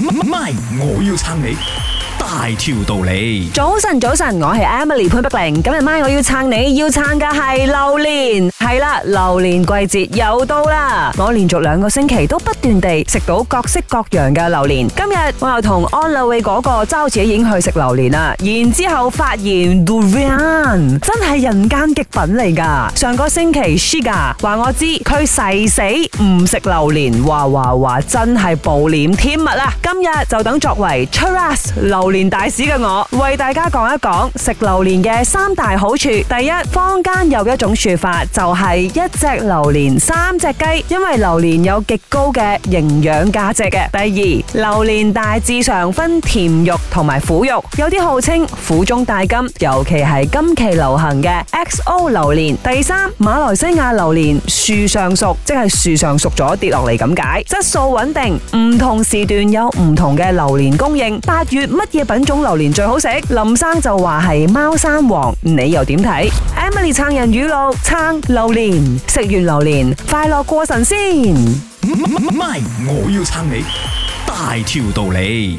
唔買，我要撐你。大條道理，早晨早晨，我係 Emily 潘碧玲。今日晚我要撐你要撐嘅係榴蓮，係啦，榴蓮季節又到啦，我連續兩個星期都不斷地食到各式各樣嘅榴蓮，今日我又同安樂 n 嗰個周自己影去食榴蓮啊，然之後發現 Durian 真係人間極品嚟噶，上個星期 Siga 話我知佢誓死唔食榴蓮，話話話真係暴殄天物啦，今日就等作為 t r i s e 榴蓮大使嘅我為大家講一講食榴蓮嘅三大好處。第一，坊間有一種說法就係一隻榴蓮三隻雞，因為榴蓮有極高嘅營養價值嘅。第二，榴蓮大致上分甜肉同埋苦肉，有啲號稱苦中帶甘，尤其係今期流行嘅 XO 榴蓮。第三，馬來西亞榴蓮樹上熟，即係樹上熟咗跌落嚟，咁解，質素穩定，唔同時段有唔同嘅榴蓮供應。八月乜嘢？品種榴蓮最好食，林生就話係貓山王，你又點睇？Emily 撐人語錄，撐榴蓮，食完榴蓮快樂過神仙，MY 我要撐你，大條道理。